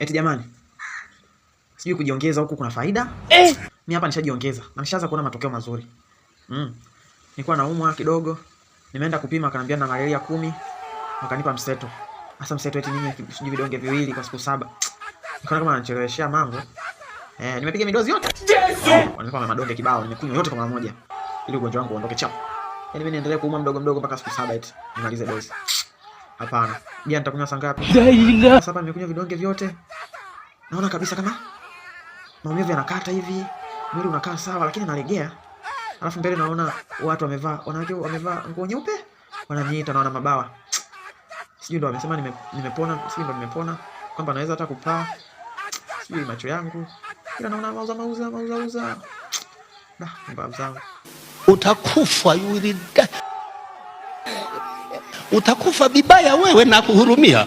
Eti jamani, sijui kujiongeza huku kuna faida eh? Mimi hapa nishajiongeza na nishaanza kuona matokeo mazuri mm. Nilikuwa naumwa kidogo, nimeenda kupima, akaniambia na malaria kumi, wakanipa mseto. Hasa mseto eti nini? Sijui vidonge viwili kwa siku saba. Nikaona kama ananicheleweshea mambo eh. Nimepiga midozi yote Yesu, eh, oh, wananipa madonge kibao, nimekunywa yote kwa mara moja ili ugonjwa wangu uondoke chap. Yaani mimi niendelee kuumwa mdogo mdogo mpaka siku saba eti nimalize dozi. Hapana. Je, nitakunywa saa ngapi? Sasa nimekunywa vidonge vyote. Naona kabisa kama maumivu yanakata hivi. Mwili unakaa sawa lakini nalegea. Alafu mbele naona watu wamevaa, wanawake wamevaa nguo nyeupe. Wananiita naona mabawa. Sijui ndo wamesema nime, nimepona, sijui ndo nimepona kwamba naweza hata kupaa. Sijui macho yangu. Ila naona mauza mauza mauza mauza. Nah, mbavu zangu. Utakufa, you will die utakufa vibaya wewe, na kuhurumia